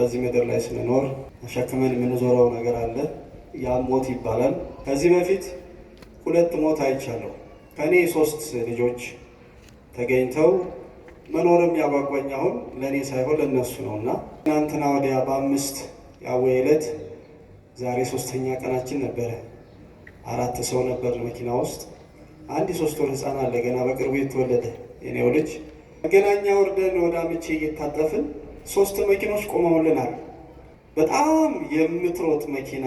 በዚህ ምድር ላይ ስንኖር ተሸክመን የምንዞረው ነገር አለ። ያም ሞት ይባላል። ከዚህ በፊት ሁለት ሞት አይቻለሁ። ከእኔ ሶስት ልጆች ተገኝተው መኖርም ያጓጓኝ አሁን ለእኔ ሳይሆን ለእነሱ ነው እና ትናንትና ወዲያ በአምስት ያወ ዕለት ዛሬ ሶስተኛ ቀናችን ነበረ። አራት ሰው ነበር መኪና ውስጥ። አንድ ሶስት ወር ህፃን አለ ገና በቅርቡ የተወለደ የኔው ልጅ መገናኛ ወርደን ወደ አምቼ እየታጠፍን ሶስት መኪኖች ቆመውልናል። በጣም የምትሮት መኪና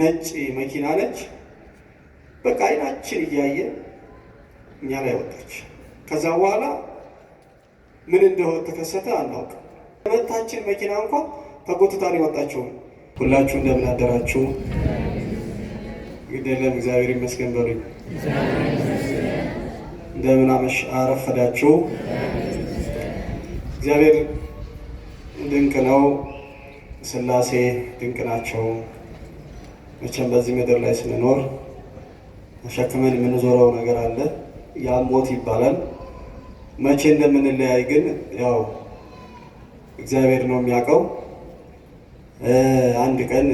ነጭ መኪና ነች። በቃ አይናችን እያየ እኛ ላይ ወጣች። ከዛ በኋላ ምን እንደሆ ተከሰተ አናውቅም። ሁለታችን መኪና እንኳን ተጎትታ የወጣችው። ሁላችሁ እንደምን አደራችሁ? ግደለም እግዚአብሔር ይመስገን በሉኝ። እንደምን አረፈዳችሁ? እግዚአብሔር ድንቅ ነው። ስላሴ ድንቅ ናቸው። መቼም በዚህ ምድር ላይ ስንኖር ተሸክመን የምንዞረው ነገር አለ። ያ ሞት ይባላል። መቼ እንደምንለያይ ግን ያው እግዚአብሔር ነው የሚያውቀው። አንድ ቀን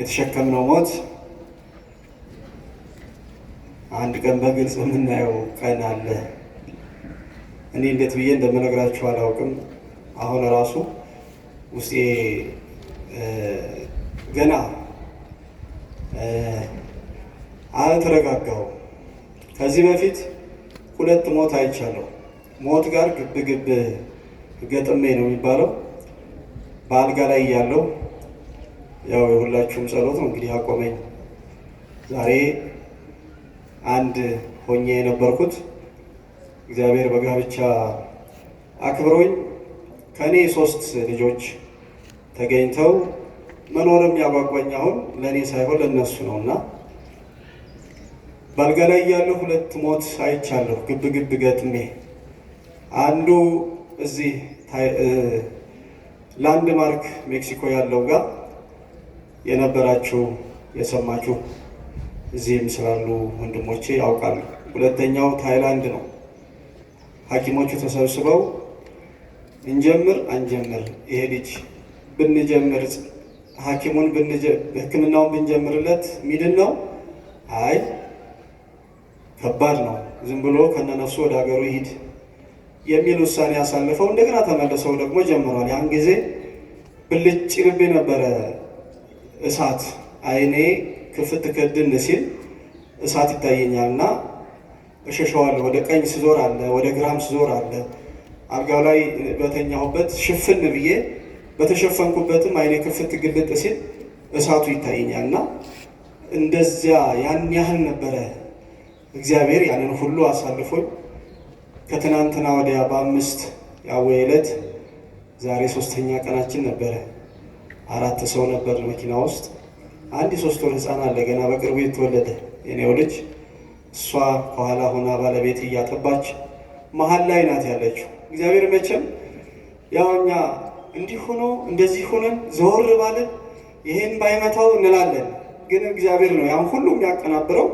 የተሸከምነው ሞት አንድ ቀን በግልጽ የምናየው ቀን አለ። እኔ እንዴት ብዬ እንደምነግራችሁ አላውቅም። አሁን ራሱ ውስጤ ገና አልተረጋጋው። ከዚህ በፊት ሁለት ሞት አይቻለሁ። ሞት ጋር ግብ ግብ ገጥሜ ነው የሚባለው። በአልጋ ላይ እያለሁ ያው የሁላችሁም ጸሎት ነው እንግዲህ አቆመኝ። ዛሬ አንድ ሆኜ የነበርኩት እግዚአብሔር በጋብቻ አክብሮኝ ከእኔ ሶስት ልጆች ተገኝተው መኖርም ያጓጓኝ አሁን ለእኔ ሳይሆን ለእነሱ ነው እና ባልጋ ላይ ያለው ሁለት ሞት አይቻለሁ። ግብ ግብ ገጥሜ አንዱ እዚህ ላንድ ማርክ ሜክሲኮ ያለው ጋር የነበራችሁ የሰማችሁ እዚህም ስላሉ ወንድሞቼ ያውቃሉ። ሁለተኛው ታይላንድ ነው። ሐኪሞቹ ተሰብስበው እንጀምር አንጀምር፣ ይሄ ልጅ ብንጀምር ሐኪሙን ህክምናውን ብንጀምርለት ሚድን ነው? አይ ከባድ ነው፣ ዝም ብሎ ከነነፍሱ ወደ ሀገሩ ይሂድ የሚል ውሳኔ ያሳልፈው እንደገና ተመልሰው ደግሞ ጀምሯል። ያን ጊዜ ብልጭ ልቤ ነበረ እሳት አይኔ ክፍት ክድን ሲል እሳት ይታየኛል እና እሸሸዋለሁ። ወደ ቀኝ ስዞር አለ፣ ወደ ግራም ስዞር አለ። አልጋው ላይ በተኛሁበት ሽፍን ብዬ በተሸፈንኩበትም አይኔ ክፍት ግልጥ ሲል እሳቱ ይታየኛል እና እንደዚያ ያን ያህል ነበረ። እግዚአብሔር ያንን ሁሉ አሳልፎኝ ከትናንትና ወዲያ በአምስት ያወ ዕለት ዛሬ ሶስተኛ ቀናችን ነበረ። አራት ሰው ነበር መኪና ውስጥ። አንድ የሶስት ወር ህፃን አለ ገና በቅርቡ የተወለደ የኔው ልጅ እሷ ከኋላ ሆና ባለቤት እያጠባች መሀል ላይ ናት ያለችው። እግዚአብሔር መቼም ያው እኛ እንዲህ ሆኖ እንደዚህ ሆነን ዘወር ባለን ይህን ባይመታው እንላለን፣ ግን እግዚአብሔር ነው ያን ሁሉ የሚያቀናብረው።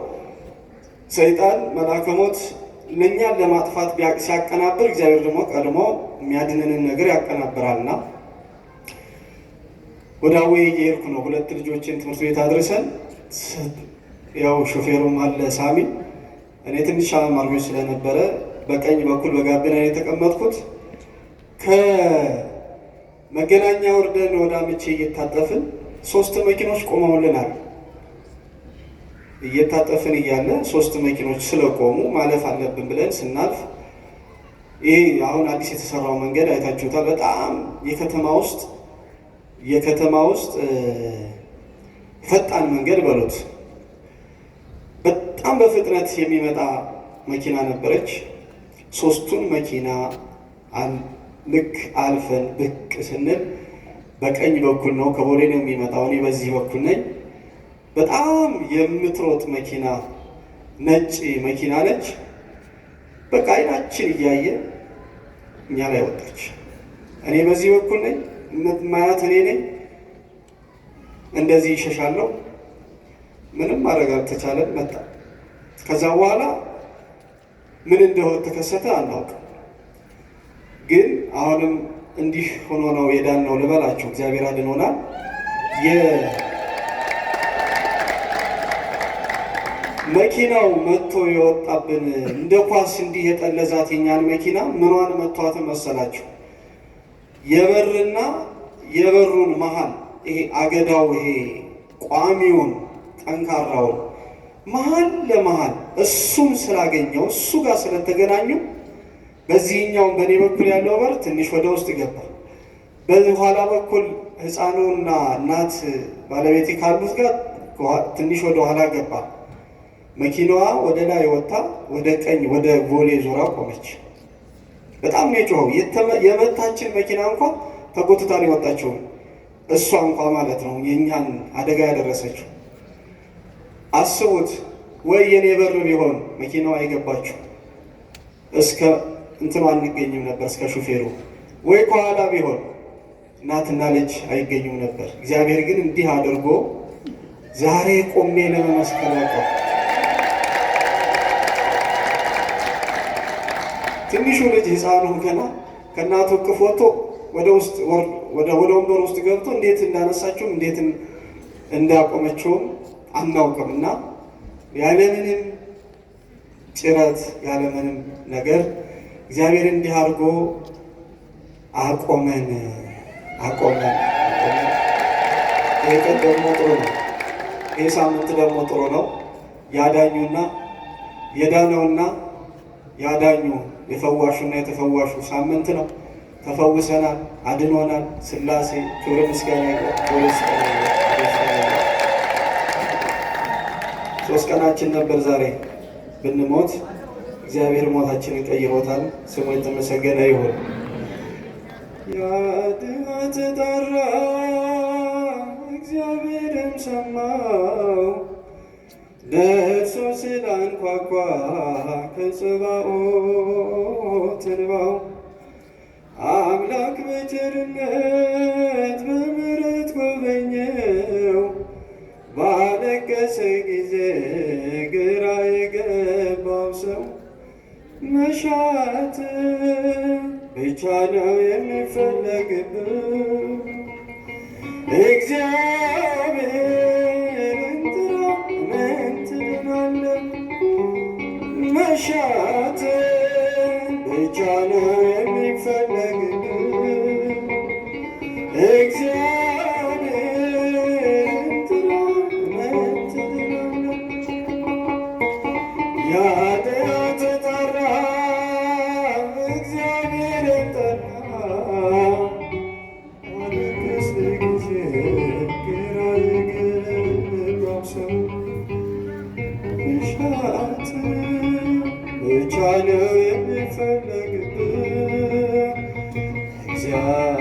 ሰይጣን መላከሞት ሞት ለእኛን ለማጥፋት ሲያቀናብር፣ እግዚአብሔር ደግሞ ቀድሞ የሚያድንንን ነገር ያቀናብራልና ወደ አዌ እየሄድኩ ነው። ሁለት ልጆችን ትምህርት ቤት አድርሰን ያው ሾፌሩም አለ ሳሚ እኔ ትንሽ አማርኞች ስለነበረ በቀኝ በኩል በጋቢና የተቀመጥኩት ከመገናኛ ወርደን ወደ አምቼ እየታጠፍን ሶስት መኪኖች ቆመውልናል። እየታጠፍን እያለ ሶስት መኪኖች ስለቆሙ ማለፍ አለብን ብለን ስናልፍ ይህ አሁን አዲስ የተሰራው መንገድ አይታችሁታል። በጣም የከተማ ውስጥ የከተማ ውስጥ ፈጣን መንገድ በሉት በጣም በፍጥነት የሚመጣ መኪና ነበረች። ሶስቱን መኪና ልክ አልፈን ብቅ ስንል በቀኝ በኩል ነው ከቦሌ ነው የሚመጣው፣ እኔ በዚህ በኩል ነኝ። በጣም የምትሮጥ መኪና ነጭ መኪና ነች። በቃ አይናችን እያየ እኛ ላይ ወጣች። እኔ በዚህ በኩል ነኝ፣ ማያት እኔ ነኝ። እንደዚህ ይሸሻለሁ ምንም ማድረግ አልተቻለን መጣ። ከዛ በኋላ ምን እንደሆነ ተከሰተ አናውቅም። ግን አሁንም እንዲህ ሆኖ ነው የዳን ነው ልበላችሁ። እግዚአብሔር አድኖናል። መኪናው መጥቶ የወጣብን እንደ ኳስ እንዲህ የጠለዛት የኛን መኪና ምኗን መቷት መሰላችሁ? የበርና የበሩን መሀል ይሄ አገዳው ይሄ ቋሚውን ጠንካራውን መሀል ለመሀል እሱም ስላገኘው እሱ ጋር ስለተገናኙ በዚህኛውም በእኔ በኩል ያለው በር ትንሽ ወደ ውስጥ ገባ። በኋላ በኩል ሕፃኑና እናት ባለቤቴ ካሉት ጋር ትንሽ ወደ ኋላ ገባ። መኪናዋ ወደ ላይ ወጣ፣ ወደ ቀኝ ወደ ቦሌ ዙራ ቆመች። በጣም ነው የጮኸው። የመታችን መኪና እንኳ ተጎትታ የወጣችውን እሷ እንኳ ማለት ነው የእኛን አደጋ ያደረሰችው አስቡት ወይ የኔ በር ቢሆን መኪናዋ አይገባችሁ እስከ እንትኑ አንገኝም ነበር እስከ ሹፌሩ ወይ ከኋላ ቢሆን እናትና ልጅ አይገኙም ነበር። እግዚአብሔር ግን እንዲህ አድርጎ ዛሬ ቆሜ ለመመስከር ትንሹ ልጅ ህፃኑ ገና ከእናቱ እቅፍ ወጥቶ ወደ ውስጥ ወደ ወንበር ውስጥ ገብቶ እንዴት እንዳነሳችሁም እንዴት እንዳቆመችውም አናውቅምና ያለምንም ጭረት ያለምንም ነገር እግዚአብሔር እንዲህ አድርጎ አቆመን አቆመን። ይህ ቀን ደግሞ ጥሩ ነው። ይህ ሳምንት ደግሞ ጥሩ ነው። ያዳኙና የዳነውና ያዳኙ የፈዋሹና የተፈዋሹ ሳምንት ነው። ተፈውሰናል፣ አድኖናል። ስላሴ ክብረ ምስጋና ሶስት ቀናችን ነበር ዛሬ ብንሞት እግዚአብሔር ሞታችንን ቀይሮታል። ስሙ የተመሰገነ ይሁን። ያድት ጠራ እግዚአብሔርም ሰማው ለእርሱ ስላንኳኳ ከጽባኦት እንባው አምላክ በቸርነት መሻት ብቻ ነው የሚፈለግብን እግዚአብሔር እግዚአብሔር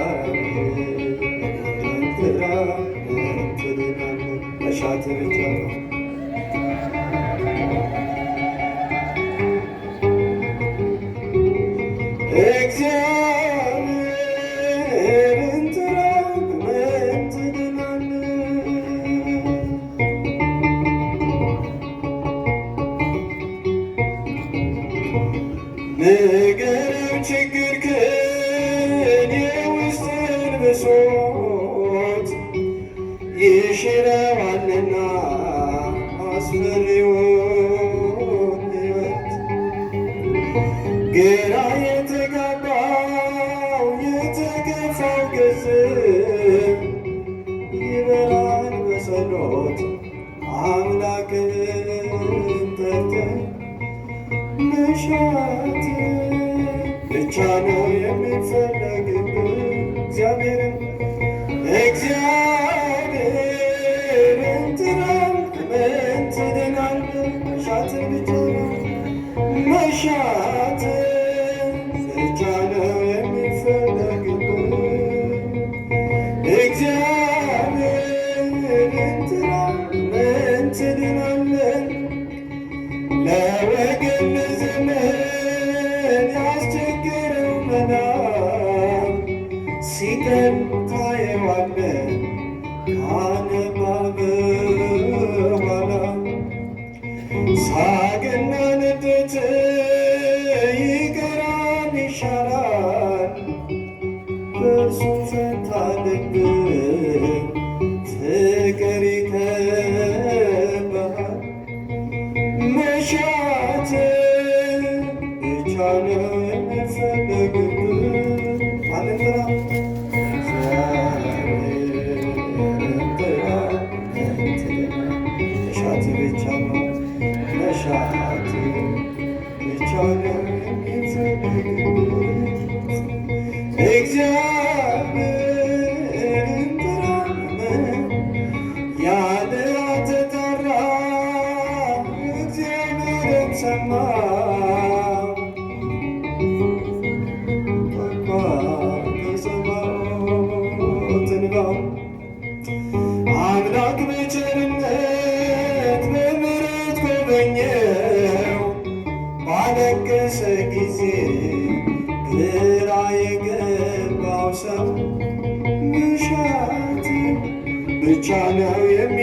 Jerusalem. I know you.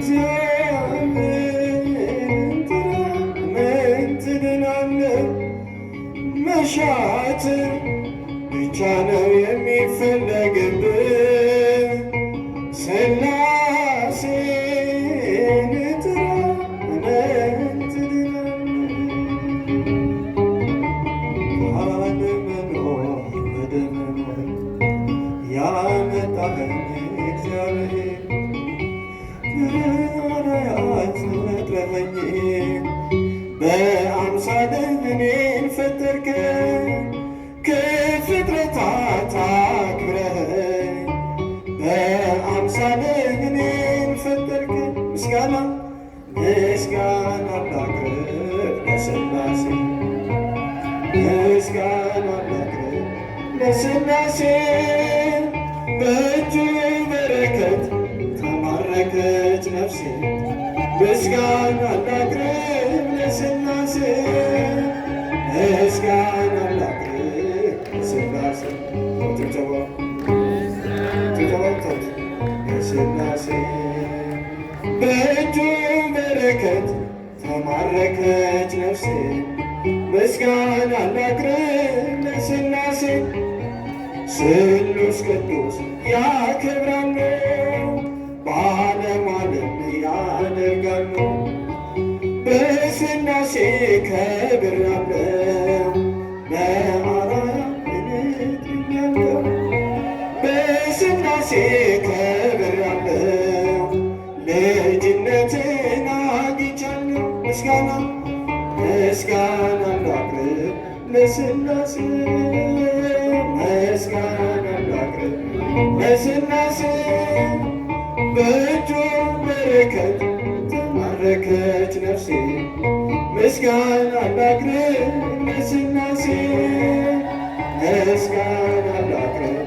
Jesus. ምስጋና ምስጋና ላቅርብ ለሥላሴ ምስጋና ላቅርብ ለሥላሴ በእጁ በረከት ተማረከች ነፍሴ ምስጋና ላቅርብ ለሥላሴ ምስጋና ላቅርብ ለሥላሴ ጭብጨባ ጭብጨባ ለሥላሴ በእጁ በረከት ተማረከች ነፍሴ ምስጋና ላቅርብ ለሥላሴ ስሉስ ቅዱስ ያከብራሉ በዓለም ዓለም ያደርጋሉ በሥላሴ ከብራለው ጌትነትን አግኝቻለሁ። ምስጋና ምስጋና ላቅርብ ለሥላሴ ምስጋና ላቅርብ በእጁ በረከት ተማረከች ነፍሴ ምስጋና ላቅርብ ለሥላሴ ምስጋና ላቅርብ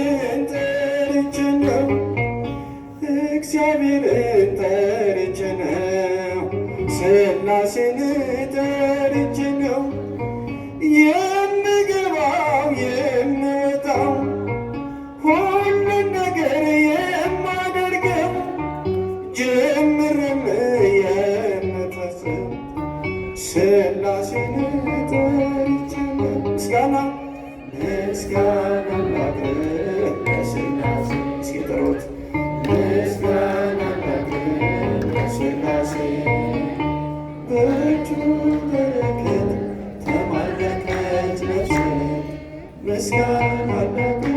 ክርስቲያን አምላክ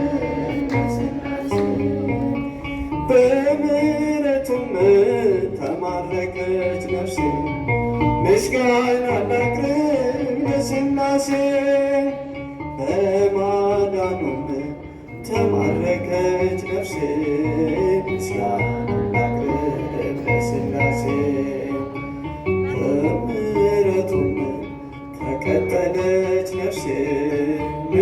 ተማረከች ነፍሴ ምስጋና ላቅርብ ለሥላሴ በማዳኑም ተማረከች ነፍሴ ምስጋና ተቀጠለች ነፍሴ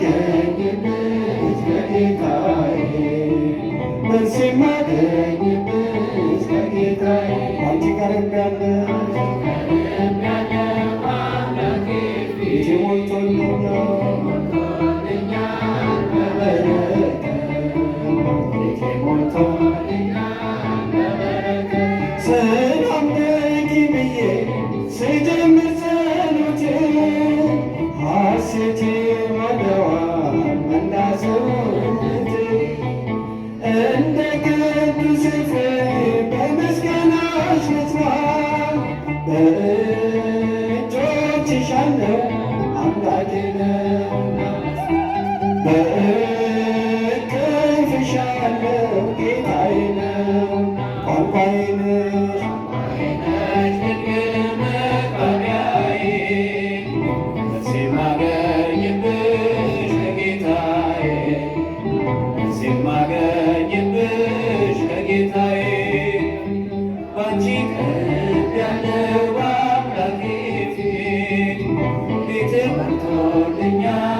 Yeah. ያለው አምላኬ ፊት ፊት መርቶልኛል